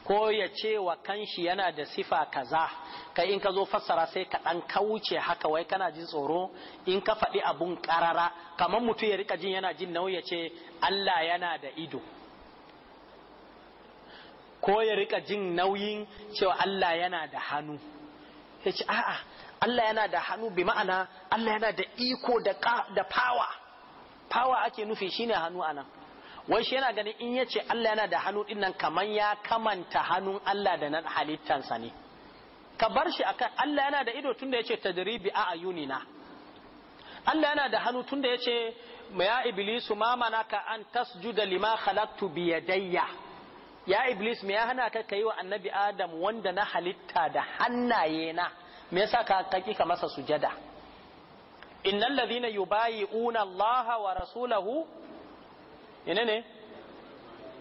ko ya ce wa kanshi yana da sifa kaza kai in ka zo fassara sai ka ɗan kauce haka wai kana jin tsoro in ka faɗi abun ƙarara kamar mutum ya rika jin yana jin nau ya ce Allah yana da ido ko ya rika jin nauyin cewa Allah yana da hannu ya ce a'a Allah yana da hannu bi ma'ana Allah yana da iko da da power ake nufi shine hannu anan wai shi yana ganin in yace Allah yana da hannu dinnan kaman ya kamanta hannun Allah da nan halittansa ne ka bar shi akan Allah yana da ido tunda yace tadribi a ayunina Allah yana da hannu tunda yace ya iblisu ma manaka an tasjuda lima khalaqtu bi yadayya ya iblis me ya hana ka kai wa annabi adam wanda na halitta da hannaye na me yasa ka kaki ka masa sujada innal ladhina yubayi'una Allah wa rasulahu inene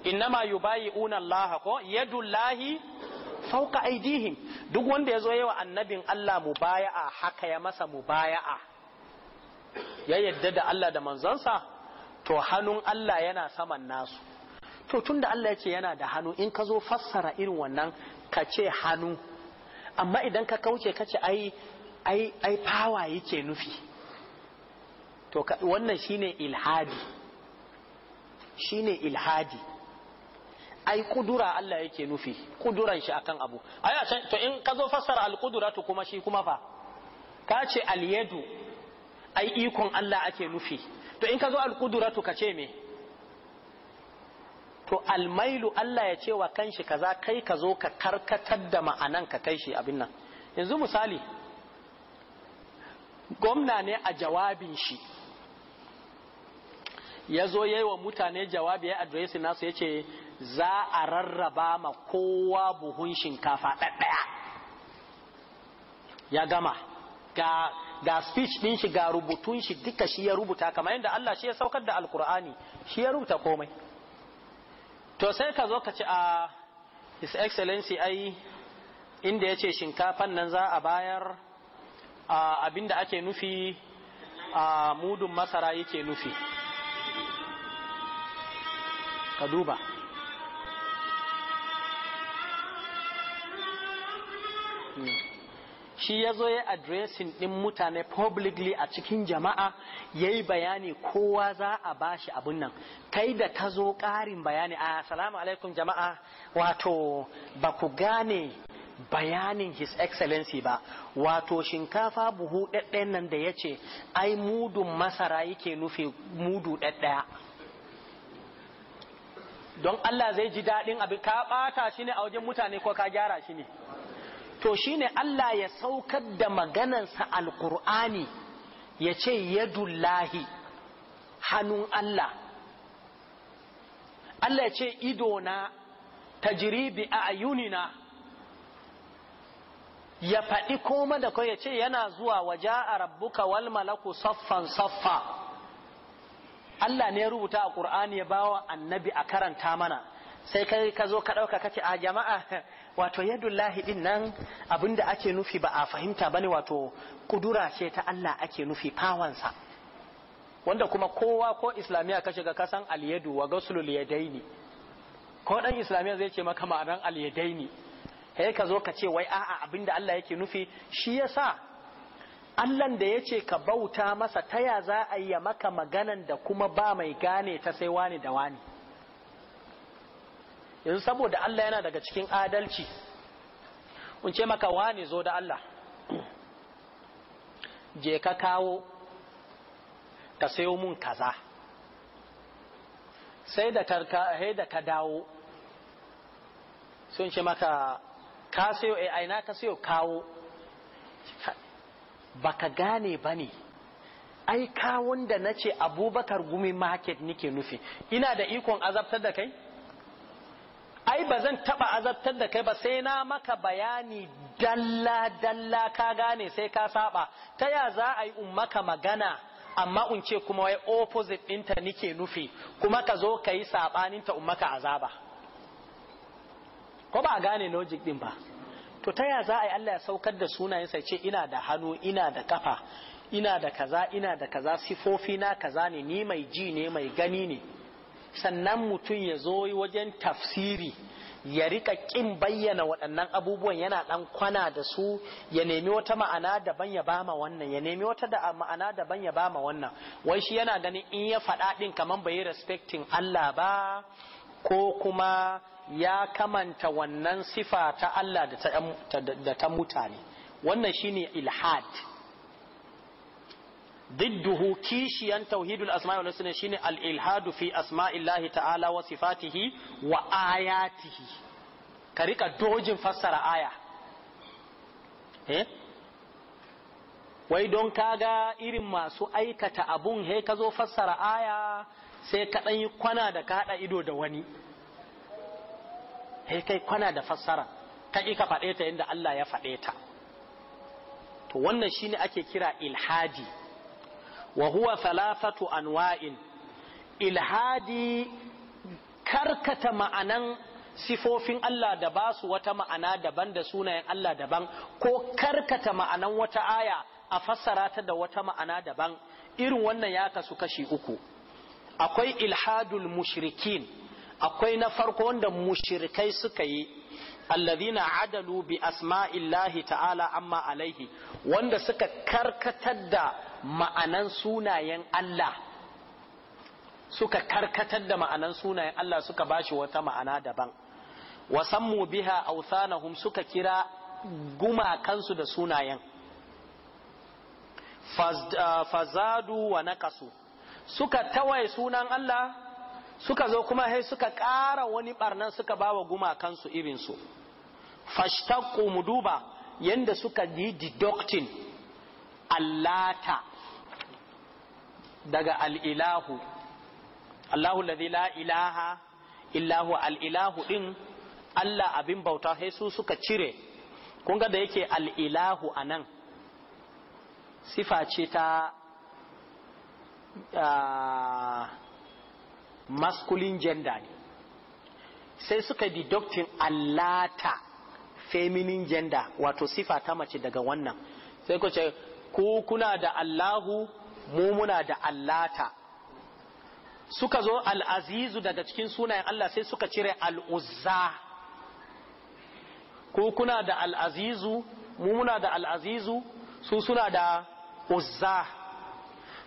innama yubayi'una Allah ko yadullahi fawqa aydihim duk wanda ya zo yawa annabin Allah mubaya'a haka ya masa mubaya'a ya yadda da Allah da manzonsa to hannun Allah yana saman nasu to tunda Allah ya ce yana da hannu in ka zo fassara irin wannan ka ce hannu amma idan ka kauce ka ce ai ai ai fawa yake nufi to wannan shine ilhadi shine ilhadi ai kudura Allah yake nufi kuduran shi akan abu ai a to in ka zo fassara al-qudratu kuma shi kuma fa ka ce al-yadu ai ikon Allah ake nufi to in ka zo al-qudratu ka ce me to almailu Allah ya ce wa kanshi kaza kai ka zo ka karkatar da ma'anan ka kai shi abin nan yanzu misali gwamna ne a jawabin shi ya zo ya yi wa mutane jawabi ya adresi nasu ya ce za a rarraba ma kowa buhun shinkafa ɗaɗɗaya ya gama ga ga speech ɗin shi ga rubutun shi duka shi ya rubuta kamar yadda Allah shi ya saukar da alkur'ani shi ya rubuta komai to sai ka zo ka ci a his excellency ai inda yace ce shinkafan nan za a bayar abinda ake nufi a mudun masara yake nufi ka duba mm. shi ya zo ya addressing ɗin mutane publicly a cikin jama'a ya yi bayani kowa za a bashi abin nan kai da ta zo ƙarin bayani a ah, salamu alaikum jama'a wato ba ku gane bayanin his excellency ba wato shinkafa buhu ɗaɗɗayan nan da ya ce ai mudun masara yake nufi mudu ɗaɗɗaya don Allah zai ji daɗin abin ka ɓata shi ne a wajen mutane ko ka gyara shi ne to shine Allah ya saukar da maganansa alkur'ani ya ce yadullahi hannun Allah Allah ya ce idona tajribi a ayunina ya faɗi koma da kai ya ce yana zuwa waje a rabbuka wal malaku saffan saffa Allah ne rubuta a ƙur'ani ya bawa annabi a karanta mana sai kai ka zo ka ɗauka kace a jama'a wato yadullahi din nan abinda ake nufi ba a fahimta bane wato kudura ce ta Allah ake nufi fawansa wanda kuma kowa ko islamiyya ka shiga kasan alyadu wa gasulul yadaini ko dan islamiyya zai ce maka ma'anar alyadaini sai ka zo ka ce wai a'a abinda Allah yake nufi shi yasa Allah da yace ka bauta masa taya za a yi maka maganan da kuma ba mai gane ta sai wani da wani yanzu saboda Allah yana daga cikin adalci in ce maka wani zo da Allah je ka kawo ka sayo mun kaza sai da ka dawo sun ce maka ka sayo a eh, aina ka sayo kawo baka gane ba ne ai kawon da na ce abubakar gumi market nike nufi ina da ikon azabtar da kai ai ba zan taɓa azabtar da kai ba sai na maka bayani dalla-dalla ka gane sai ka saba ta ya za a yi ummaka magana amma in ce kuma wai opposite ɗinta nike nufi kuma ka zo ka yi ta ummaka azaba ko ba a gane logic ɗin ba to ta ya za a yi Allah ya saukar da sunayensa ce ina da hannu ina da kafa ina da kaza ina da kaza sifofi na kaza ne ni mai ji ne mai gani ne sannan mutum ya zo wajen tafsiri ya rika ƙin bayyana waɗannan abubuwan yana ɗan kwana da su ya nemi wata ma'ana daban ya bama wannan ya nemi wata da ma'ana daban ya bama wannan wai shi yana ganin in ya faɗa ɗin kamar bai yi respectin Allah ba ko kuma ya kamanta wannan sifa ta Allah da ta mutane wannan shine ilhad ضده كيشيا توحيد الأسماء والحسنى شين الإلحاد في أسماء الله تعالى وصفاته وآياته كريكا دوجين فسر آية eh wai don kaga irin masu aikata abun he ka zo fassara aya sai ka ɗan yi kwana da ka haɗa ido da wani he kai kwana da fassara ka ƙi ka faɗe ta yadda Allah ya faɗe ta to wannan shine ake kira ilhadi Wahuwa huwa anwa'in ilhadi karkata ma'anan sifofin Allah da ba su wata ma'ana daban da sunayen Allah daban ko karkata ma'anan wata aya a fassara ta da wata ma'ana daban irin wannan ya kasu kashi uku akwai ilhadul mushrikin akwai na farko wanda mushrikai suka yi allazina adalu bi asma'illahi ta'ala amma alaihi wanda suka karkatar da ma'anan sunayen Allah suka karkatar da ma'anan sunayen Allah suka bashi wata ma'ana daban wasammu biha authanahum suka kira gumakansu da sunayen uh, fazadu wa naqasu suka tawaye sunan Allah suka zo kuma sai suka ƙara wani barnan suka bawa gumakansu irinsu fashtaqu muduba yanda suka yi deducting allata daga al'ilahu Allahu ladhi la ilaha illahu al'ilahu ɗin Allah abin bauta sai su suka cire kun da yake al'ilahu a nan sifa ce ta masculine gender ne sai suka deducting allata feminine gender wato sifa ta mace daga wannan sai ku ce ku kuna da allahu mu muna da allata suka zo al'azizu daga cikin sunayen Allah sai suka cire al'uzza ko kuna da al'azizu mu muna da al'azizu su suna da uzza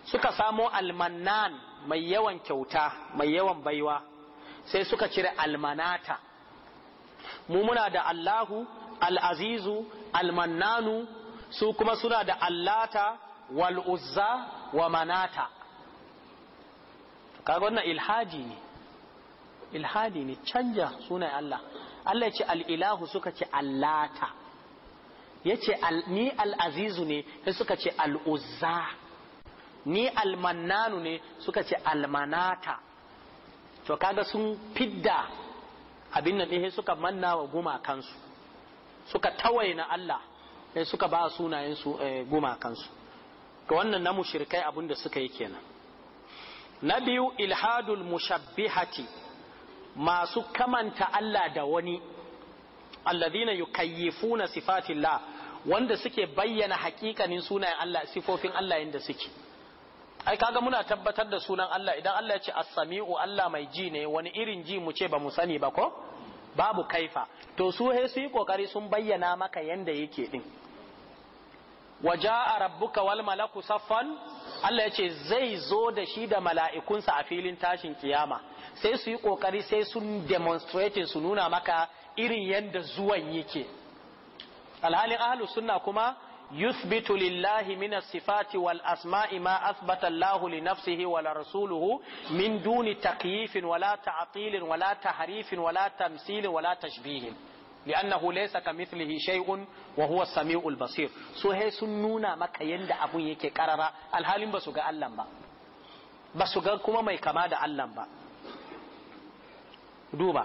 suka samo almanan mai yawan kyauta mai yawan baiwa sai suka cire almanata mu muna da allahu al'azizu almannanu su kuma suna da allata wal uzza wa manata kaga wannan ilhadi ne ilhadi ne canja sunan Allah Allah ya ce al'ilahu suka ce allata ya ce ni al'azizu ne sai suka ce al'uzza ni almannanu ne suka ce almanata to kaga sun fidda abin nan ɗin suka manna wa gumakansu suka tawaina Allah suka ba sunayen su eh, gumakansu to wannan na mushrikai abin da suka yi kenan na biyu ilhadul mushabbihati masu kamanta Allah da wani alladhina yukayyifuna sifatillah wanda suke bayyana hakikanin sunayen Allah sifofin Allah yanda suke ai kaga muna tabbatar da sunan Allah idan Allah ya ce as-sami'u Allah mai ji ne wani irin ji mu ce ba mu sani ba ko babu kaifa to su he su yi kokari sun bayyana maka yanda yake din a rabbuka wal malaku saffan Allah ya ce zai zo da shi da mala'ikunsa a filin tashin kiyama sai su yi ƙoƙari sai sun demonstrating su nuna maka irin yadda zuwan yake alhalin ahlu sunna kuma yuthbitu lillahi min sifati wal asma'i ma athbata Allah li nafsihi wa rasuluhu min duni takyifin wala ta'tilin wala tahrifin wala tamsilin wala tashbihin li'annahu laysa kamithlihi shay'un wa huwa samiul basir so he sun nuna maka yadda abun yake karara alhalin su ga Allah ba basu ga kuma mai kama da Allah ba duba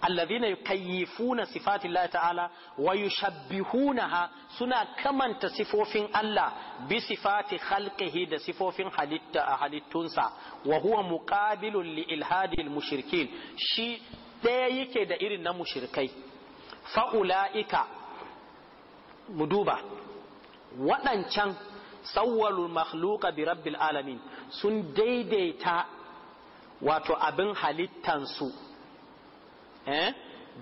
alladhina yukayyifuna sifati Allah ta'ala wa yushabbihunaha suna kamanta sifofin Allah bi sifati khalqihi da sifofin halitta halittunsa Wahuwa huwa muqabilun li ilhadil mushrikin shi ɗaya yake da irin na mushrikai fa'ula'ika mu duba waɗancan tsawwalul mahluka bi rabbil alamin sun daidaita wato abin halittansu eh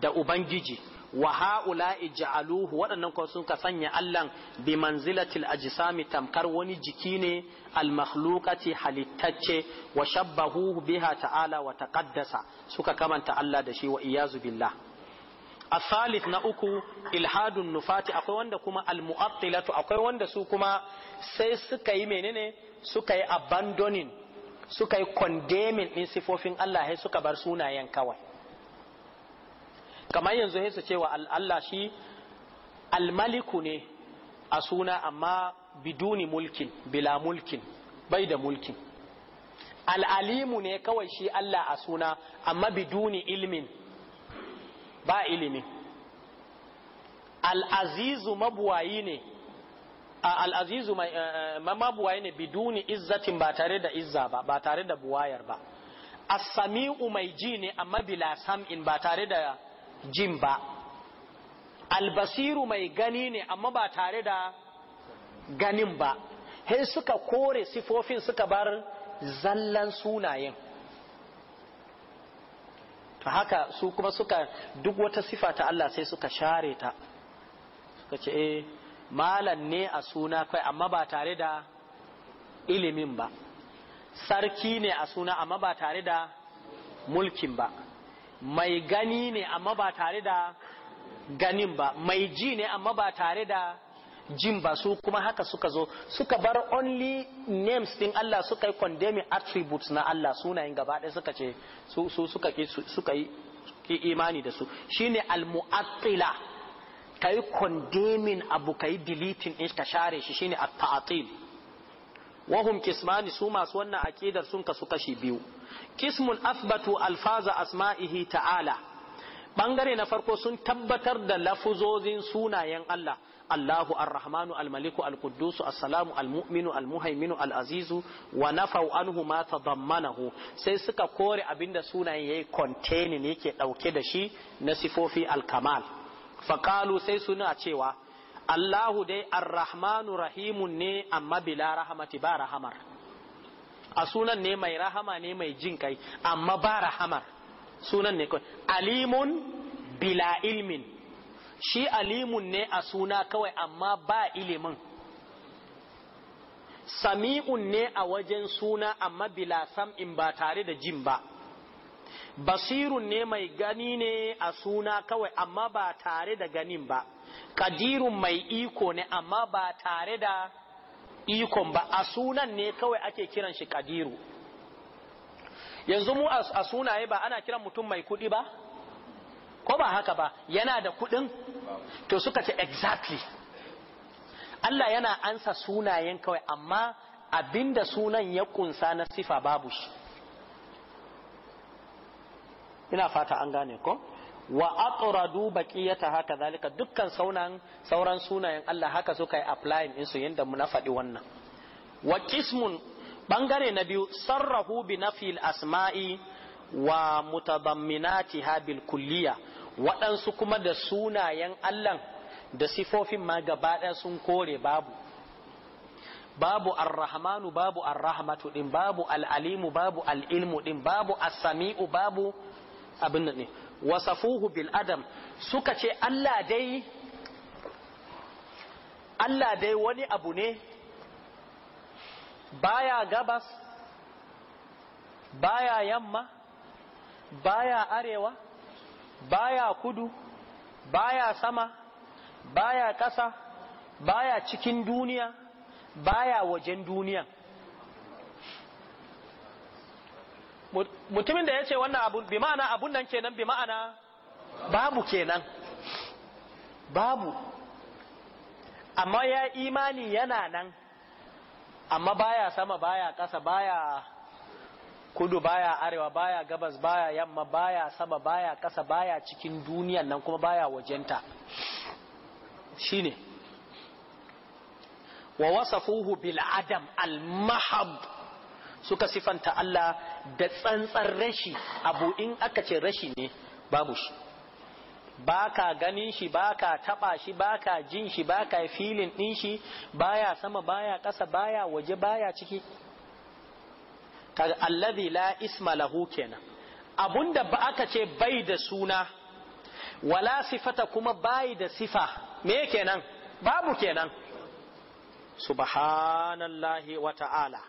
da ubangiji wa ha'ula'i ja'aluhu waɗannan ko sun ka sanya Allah bi manzilatil ajisami tamkar wani jiki ne al halittacce wa shabbahu biha ta'ala wa taƙaddasa. suka kamanta Allah da shi wa iyazu billah A الثالث na uku ilhadun nufati akwai wanda kuma almu'attilatu akwai wanda su kuma sai suka yi menene suka yi abandoning suka yi condemning din sifofin Allah sai suka bar sunayen kawai kamar yanzu sai su cewa Allah shi almaliku ne a suna amma biduni mulkin bila mulkin bai da mulkin al'alimu ne kawai shi Allah a suna amma biduni ilmin ba ilimi al'azizu mabuwayi ne al'azizu eh, eh, mabuwayi ne biduni izzatin ba tare da izza ba ba tare da buwayar ba as-sami'u mai ji ne amma bila sam'in ba tare da jin ba albasiru mai gani ne amma ba tare da ganin ba sai suka kore sifofin suka bar zallan sunayen to haka su kuma suka duk wata sifa ta Allah sai suka share ta suka ce eh malan ne a suna kai amma ba tare da ilimin ba sarki ne a suna amma ba tare da mulkin ba mai gani ne amma ba tare da ganin ba mai ji ne amma ba tare da jin ba su kuma haka suka zo suka bar only names din Allah suka yi condemning attributes na Allah sunayen gaba ɗaya suka ce su suka suka yi imani da su shine al-mu'attila kai condemning abu kai deleting din ka share shi shine at-ta'til wahum kismani su masu wannan akidar sun kasu kashi biyu kismun asbatu alfaza asma'ihi ta'ala bangare na farko sun tabbatar da lafuzozin sunayen Allah Allahu Ar-Rahmanu Al-Maliku Al-Quddus salamu Al-Mu'minu Al-Muhaiminu Al-Azizu wa nafau anhu ma tadammanahu sai suka kore abinda sunayen yayi containing yake dauke da shi na sifofi al-kamal faqalu sai suna cewa Allahu dai Ar-Rahmanu Rahimun ne amma bila rahmati ba rahamar a sunan ne mai rahama ne mai jin kai amma ba rahamar sunan ne kawai alimun bila ilmin shi alimun ne a suna kawai amma ba ilimin sami'un ne a wajen suna amma bila sam'in ba tare da jin ba basirun ne mai gani ne a suna kawai amma ba tare da ganin ba kadirun mai iko ne amma ba tare da ikon ba a sunan ne kawai ake kiran shi kadiru yanzu mu a sunaye ba ana kiran mutum mai kuɗi ba ko ba haka ba yana da kuɗin to suka ce exactly Allah yana ansa sunayen kawai amma abinda sunan ya kunsa na sifa babu shi ina fata an gane ko wa aqradu baqiyata haka zalika dukkan saunan sauran sunayen Allah haka suka yi applying din su yanda mu na faɗi wannan wa qismun bangare na biyu sarrahu bi nafil asma'i wa mutadamminatiha bil kulliya waɗansu kuma da sunayen Allah da sifofin ma gaba ɗaya sun kore babu babu arrahmanu babu arrahmatu din babu al'alimu babu al'ilmu din babu as-sami'u babu abin ne wasafuhu bil adam suka ce Allah dai Allah dai wani abu ne baya gabas baya yamma baya arewa baya kudu baya sama baya ƙasa baya cikin duniya baya wajen duniya mutumin da ya ce wannan abu bi ma'ana abun nan kenan bi ma'ana babu kenan babu amma ya imani yana nan amma baya sama baya ƙasa baya kudu baya arewa baya gabas baya yamma baya sama baya kasa baya cikin duniyan nan kuma baya wajenta shine wa wasafuhu bil adam al mahab suka sifanta Allah da tsantsar rashi abu in aka ce rashi ne babu shi baka ganin shi baka taba shi baka jin shi baka filin din shi baya sama baya kasa baya waje baya ciki kaga allazi la isma lahu kenan abunda ba aka ce bai da suna wala sifata kuma bai da sifa me kenan babu kenan subhanallahi wa ta'ala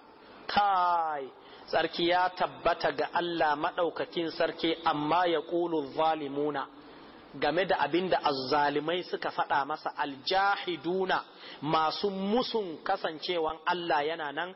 kai sarki ya tabbata ga Allah madaukakin sarki amma ya qulu zalimuna game da abin da azzalimai suka faɗa masa aljahiduna masu musun kasancewan Allah yana nan